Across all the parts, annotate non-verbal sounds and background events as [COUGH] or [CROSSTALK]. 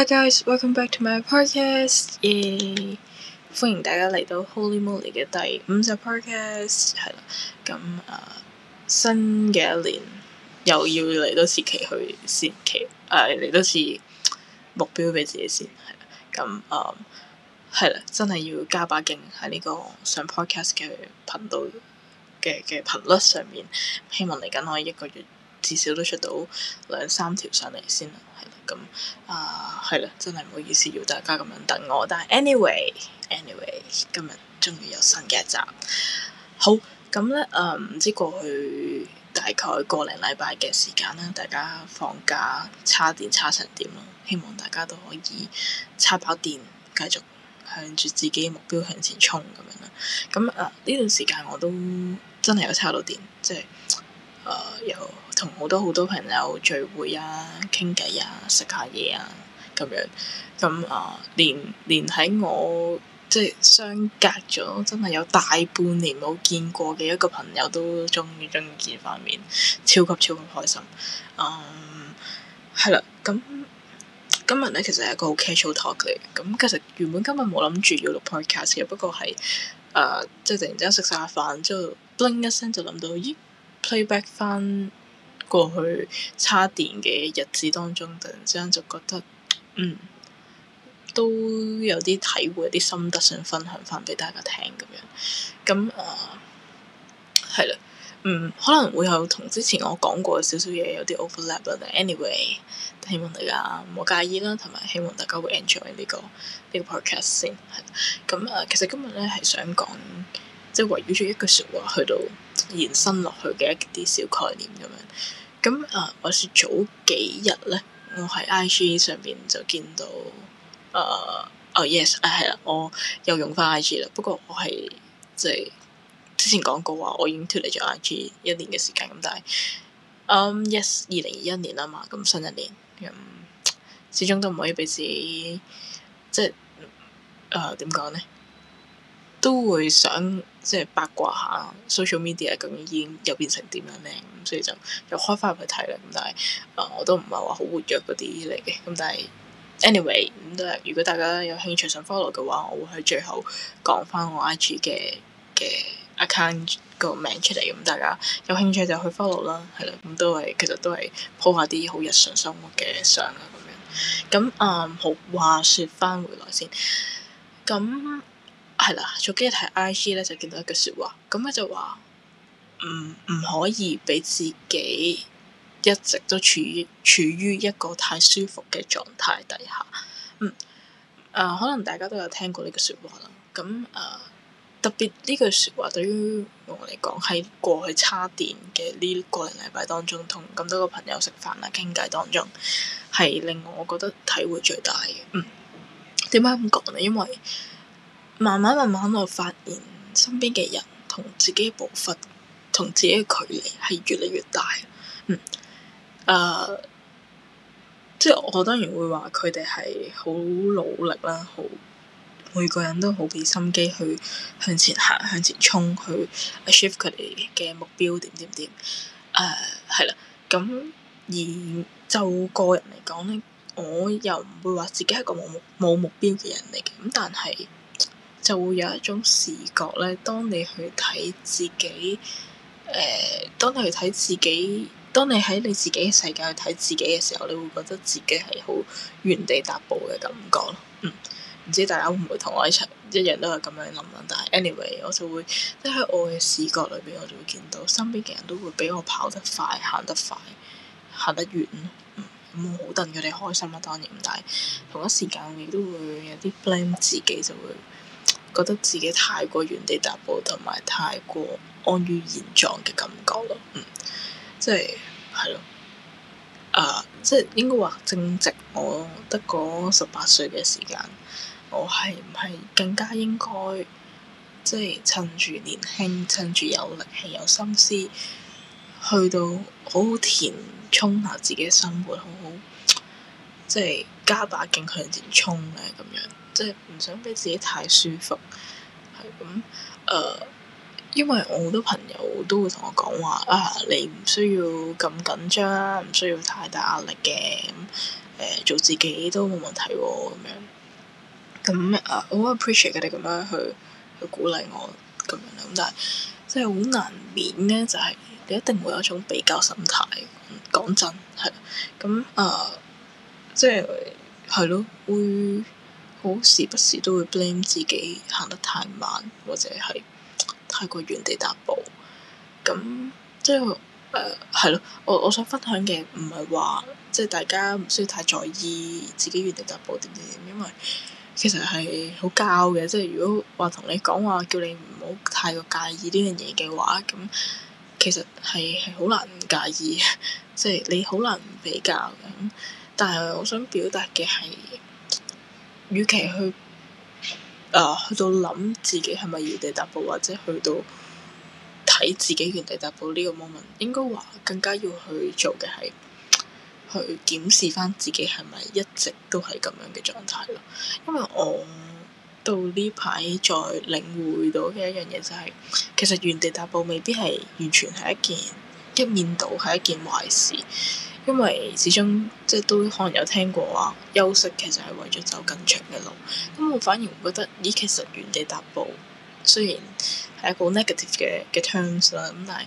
Hi guys，welcome back to my podcast。歡迎大家嚟到 Holy Moly 嘅第五十 podcast。係啦，咁、呃、啊，新嘅一年又要嚟到時期去善期，誒嚟、呃、到時目標俾自己先。係係咁啊，係啦、呃，真係要加把勁喺呢個上 podcast 嘅頻道嘅嘅頻率上面，希望嚟緊可以一個月。至少都出到兩三條上嚟先啦，係啦，咁啊，係啦，真係唔好意思要大家咁樣等我，但係 Any anyway，anyway，今日終於有新嘅一集。好，咁呢，誒、啊，唔知過去大概個零禮拜嘅時間啦，大家放假，叉電叉成點咯？希望大家都可以叉飽電，繼續向住自己目標向前衝咁樣啦。咁誒呢段時間我都真係有叉到電，即係。誒又同好多好多朋友聚會啊、傾偈啊、食下嘢啊咁樣，咁、嗯、啊、嗯、連連喺我即係相隔咗真係有大半年冇見過嘅一個朋友都終於終於見翻面，超級超級開心。嗯，係啦，咁、嗯、今日咧其實係一個好 casual talk 嚟嘅，咁、嗯、其實原本今日冇諗住要錄 podcast 嘅，不過係誒、呃、即係突然之間食晒飯之後，bling 一聲就諗到。Playback 翻過去叉電嘅日子當中，突然之間就覺得，嗯，都有啲體會、有啲心得想分享翻俾大家聽咁樣。咁啊，係、呃、啦，嗯，可能會有同之前我講過少少嘢有啲 overlap 啦。Anyway，希望大家唔好介意啦，同埋希望大家會 enjoy 呢個呢個 podcast 先。咁啊、呃，其實今日咧係想講，即係圍繞住一句説話去到。延伸落去嘅一啲小概念咁樣。咁誒、呃，我説早幾日咧，我喺 IG 上邊就見到誒、呃，哦 yes，啊係啦，我又用返 IG 啦，不過我係即係之前講過話，我已經脱離咗 IG 一年嘅時間咁，但係、嗯、yes，二零二一年啊嘛，咁新一年咁、嗯，始終都唔可以俾自己即係誒點講咧？呃都會想即係八卦下，social media 究竟已經又變成點樣咧，咁所以就又開翻入去睇啦。咁但係啊、呃，我都唔係話好活躍嗰啲嚟嘅。咁但係 anyway，咁都係。如果大家有興趣想 follow 嘅話，我會喺最後講翻我 IG 嘅嘅 account 個名出嚟。咁大家有興趣就去 follow 啦，係啦。咁都係其實都係鋪下啲好日常生活嘅相啦咁樣。咁啊、嗯，好話説翻回來先。咁。係啦，早幾日睇 IG 咧，就見到一句說話，咁咧就話唔唔可以俾自己一直都處於處於一個太舒服嘅狀態底下。嗯，誒、呃，可能大家都有聽過呢句說話啦。咁、嗯、誒、呃，特別呢句說話對於我嚟講，喺過去差電嘅呢個零禮拜當中，同咁多個朋友食飯啊、傾偈當中，係令我覺得體會最大嘅。嗯，點解咁講呢？因為慢慢慢慢，我發現身邊嘅人同自己嘅步伐、同自己嘅距離係越嚟越大。嗯，誒、呃，即係我當然會話佢哋係好努力啦，好，每個人都好俾心機去向前行、向前衝，去 achieve 佢哋嘅目標點點點。誒，係、呃、啦，咁而就個人嚟講咧，我又唔會話自己係一個冇冇目標嘅人嚟嘅，咁但係。就會有一種視覺咧，當你去睇自己，誒、呃，當你去睇自己，當你喺你自己嘅世界去睇自己嘅時候，你會覺得自己係好原地踏步嘅感覺咯。嗯，唔知大家會唔會同我一齊一樣都係咁樣諗諗？但係 anyway，我就會即喺我嘅視覺裏邊，我就會見到身邊嘅人都會比我跑得快、行得快、行得遠咯。咁好戥佢哋開心啦，當然，但係同一時間我亦都會有啲 blame 自己就會。覺得自己太過原地踏步同埋太過安於現狀嘅感覺咯，嗯，即係係咯，誒，uh, 即係應該話正值我得個十八歲嘅時間，我係唔係更加應該，即係趁住年輕，趁住有力氣、有心思，去到好好填充下自己嘅生活，好好即係。加把勁向前衝咧咁樣，即係唔想俾自己太舒服。係咁誒，因為我好多朋友都會同我講話啊，你唔需要咁緊張，唔需要太大壓力嘅。誒、呃，做自己都冇問題喎，啊，咁樣。咁啊，我好 appreciate 佢哋咁樣去去鼓勵我咁樣咁，但係即係好難免咧，就係、是，你一定會有一種比較心態。講真係咁誒，呃，即係。係咯，會好時不時都會 blame 自己行得太慢，或者係太過原地踏步。咁即係誒係咯，我我想分享嘅唔係話即係大家唔需要太在意自己原地踏步點點點，因為其實係好教嘅。即係如果話同你講話叫你唔好太過介意呢樣嘢嘅話，咁其實係係好難介意，即係你好難比較嘅。但係我想表達嘅係，與其去，誒、呃、去到諗自己係咪原地踏步，或者去到睇自己原地踏步呢個 moment，應該話更加要去做嘅係，去檢視翻自己係咪一直都係咁樣嘅狀態咯。因為我到呢排再領會到嘅一樣嘢就係、是，其實原地踏步未必係完全係一件一面倒係一件壞事。因為始終即係都可能有聽過話，休息其實係為咗走更長嘅路。咁我反而覺得，咦，其實原地踏步雖然係一個 negative 嘅嘅 terms 啦，咁但係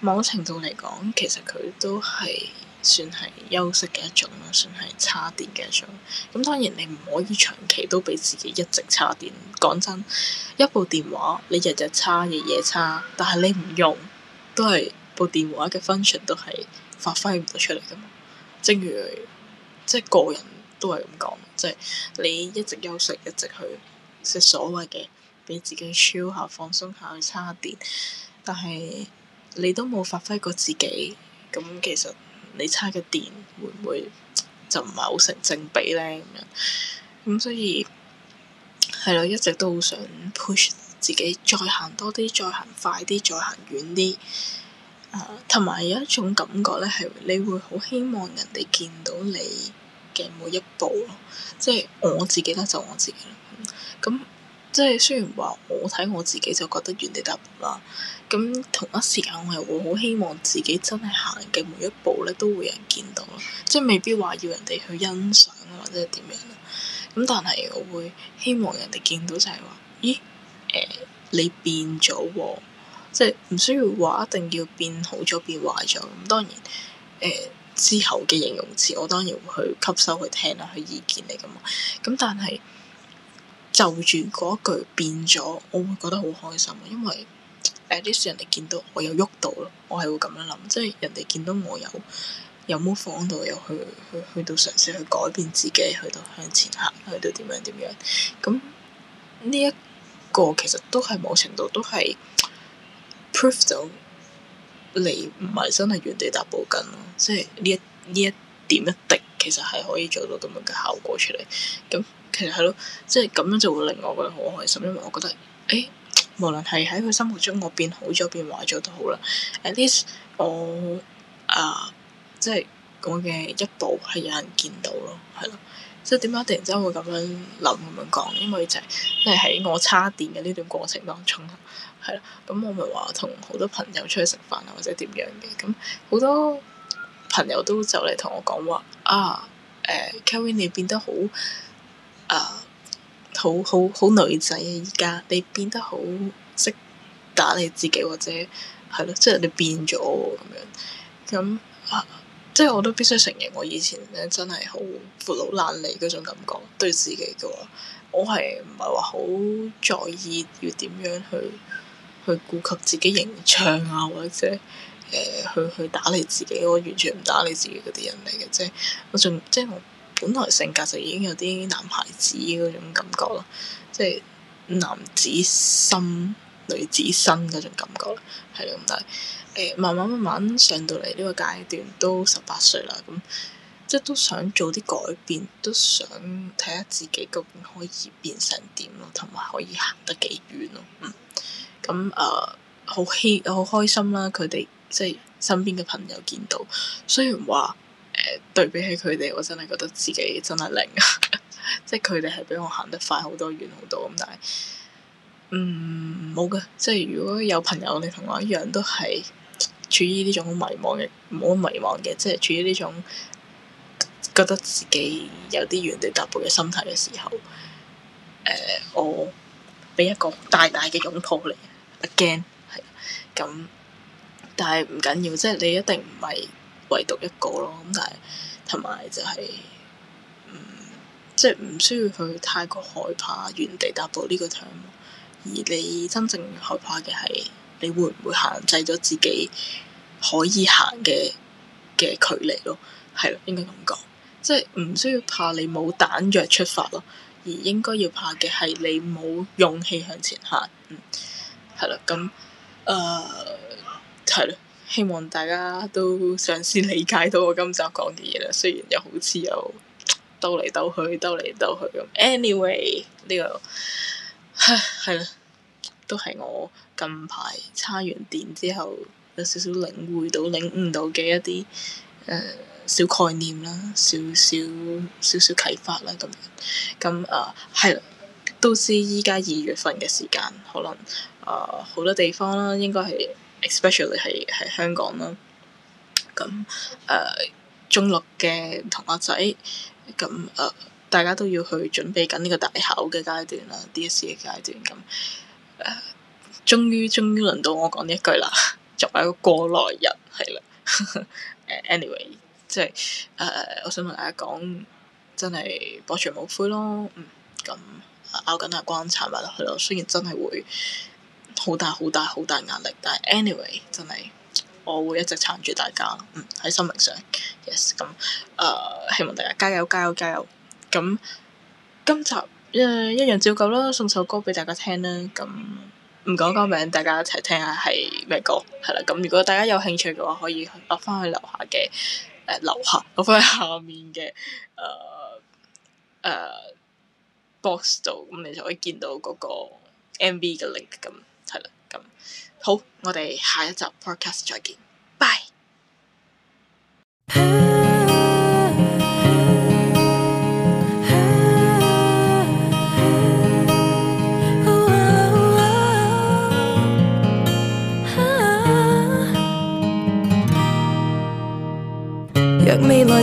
某程度嚟講，其實佢都係算係休息嘅一種啦，算係差電嘅一種。咁當然你唔可以長期都畀自己一直差電。講真，一部電話你日日差，夜夜差，但係你唔用，都係部電話嘅 function 都係。發揮唔到出嚟噶嘛？正如即係個人都係咁講，即係你一直休息，一直去食所謂嘅俾自己 relax 下、放鬆下、去充下電，但係你都冇發揮過自己，咁其實你充嘅電會唔會就唔係好成正比咧？咁樣，咁所以係咯，一直都好想 push 自己，再行多啲，再行快啲，再行遠啲。同埋有一種感覺咧，係你會好希望人哋見到你嘅每一步咯，即係我自己啦，就我自己啦。咁即係雖然話我睇我自己就覺得原地踏步啦，咁同一時間我又會好希望自己真係行嘅每一步咧都會有人見到咯，即係未必話要人哋去欣賞或者點樣啦。咁但係我會希望人哋見到就係話，咦，誒、欸，你變咗喎。即係唔需要話一定要變好咗變壞咗，咁當然誒、呃、之後嘅形容詞，我當然會去吸收去聽啊去意見你噶嘛，咁但係就住嗰句變咗，我會覺得好開心，因為誒啲人哋見到我有喐到咯，我係會咁樣諗，即係人哋見到我有冇模仿到，又去去去到嘗試去改變自己，去到向前行，去到點樣點樣，咁呢一個其實都係某程度都係。Proof 就你唔係真係原地踏步緊咯，即係呢一呢一點一滴其實係可以做到咁樣嘅效果出嚟。咁其實係咯，即係咁樣就會令我覺得好開心，因為我覺得，誒、欸，無論係喺佢心目中我變好咗變壞咗都好啦。 [LAUGHS] At least 我啊，即係我嘅一步係有人見到咯，係咯。即係點解突然之間會咁樣諗咁樣講？因為就係即係喺我叉電嘅呢段過程當中，係啦，咁我咪話同好多朋友出去食飯啊，或者點樣嘅咁，好多朋友都走嚟同我講話啊，誒、呃、Kavin 你變得好啊，好好好女仔啊！而家你變得好識打你自己，或者係咯，即係、就是、你變咗咁樣咁。嗯啊。即係我都必須承認，我以前咧真係好闊佬懶理嗰種感覺，對自己嘅話我係唔係話好在意要點樣去去顧及自己形象啊，或者誒、呃、去去打理自己，我完全唔打理自己嗰啲人嚟嘅，即係我仲即係我本來性格就已經有啲男孩子嗰種感覺咯，即係男子心女子心嗰種感覺，係咁，但係。慢慢慢慢上到嚟呢個階段，都十八歲啦，咁即係都想做啲改變，都想睇下自己究竟可以變成點咯，同埋可以行得幾遠咯，咁誒好希好開心啦！佢哋即係身邊嘅朋友見到，雖然話誒、呃、對比起佢哋，我真係覺得自己真係零啊， [LAUGHS] 即係佢哋係比我行得快好多、遠好多咁，但係嗯冇㗎，即係如果有朋友你同我一樣都係。處於呢種好迷惘嘅，唔好迷惘嘅，即係處於呢種覺得自己有啲原地踏步嘅心態嘅時候，誒、呃，我俾一個大大嘅擁抱你，again，係咁，但係唔緊要，即係你一定唔係唯獨一個咯，咁但係同埋就係、嗯，即係唔需要去太過害怕原地踏步呢個牆，而你真正害怕嘅係你會唔會限制咗自己？可以行嘅嘅距離咯，係咯，應該咁講，即係唔需要怕你冇彈藥出發咯，而應該要怕嘅係你冇勇氣向前行，嗯，係啦，咁，誒、呃，係啦，希望大家都嘗試理解到我今集講嘅嘢啦。雖然又好似有兜嚟兜去，兜嚟兜去咁。anyway，呢、呢個係啦，都係我近排叉完電之後。有少少領會到、領悟到嘅一啲誒、呃、小概念啦，少少少少啟發啦咁樣。咁啊係，都知依家二月份嘅時間，可能啊、呃、好多地方啦，應該係 especially 係喺香港啦。咁誒、呃、中六嘅同學仔，咁誒、呃、大家都要去準備緊呢個大考嘅階段啦，DSE 嘅階段咁誒，終於終於輪到我講呢一句啦～作為一個過來人，係啦。 [LAUGHS] a n y、anyway, w a y 即係誒、呃，我想同大家講，真係博情無悔咯。嗯，咁咬緊下關，撐埋落去咯。雖然真係會好大、好大、好大壓力，但係 anyway，真係我會一直撐住大家。嗯，喺生命上，yes、嗯。咁、呃、誒，希望大家加油、加油、加油。咁、嗯、今集誒、呃、一樣照舊啦，送首歌俾大家聽啦。咁、嗯。唔講個名，大家一齊聽下係咩歌，係啦。咁如果大家有興趣嘅話，可以落翻去樓下嘅誒、呃、樓下，落翻去下面嘅誒誒 box 度，咁你就可以見到嗰個 MV 嘅 link。咁係啦，咁好，我哋下一集 podcast 再見，拜。 [MUSIC]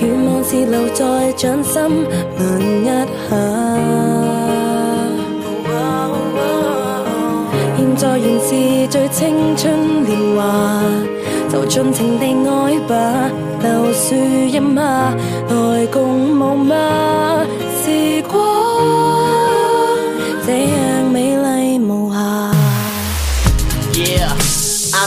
願望是留在掌心，吻一下。現在仍是最青春年華，就盡情地愛吧，留樹蔭下，來共舞嗎？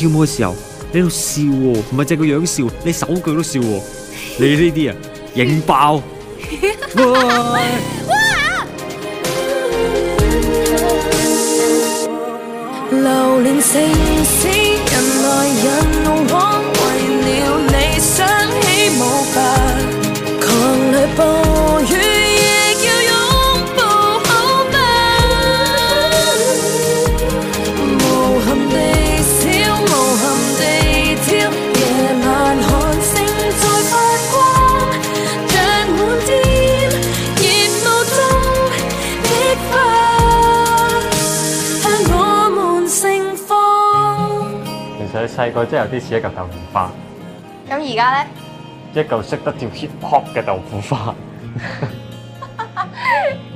跳舞嘅時候，你喺度笑喎，唔係淨係個樣笑，你手腳都笑喎。你呢啲啊，影爆。細個真係有啲似一嚿豆腐花，咁而家咧，一嚿識得跳 hip hop 嘅豆腐花。 [LAUGHS] [LAUGHS]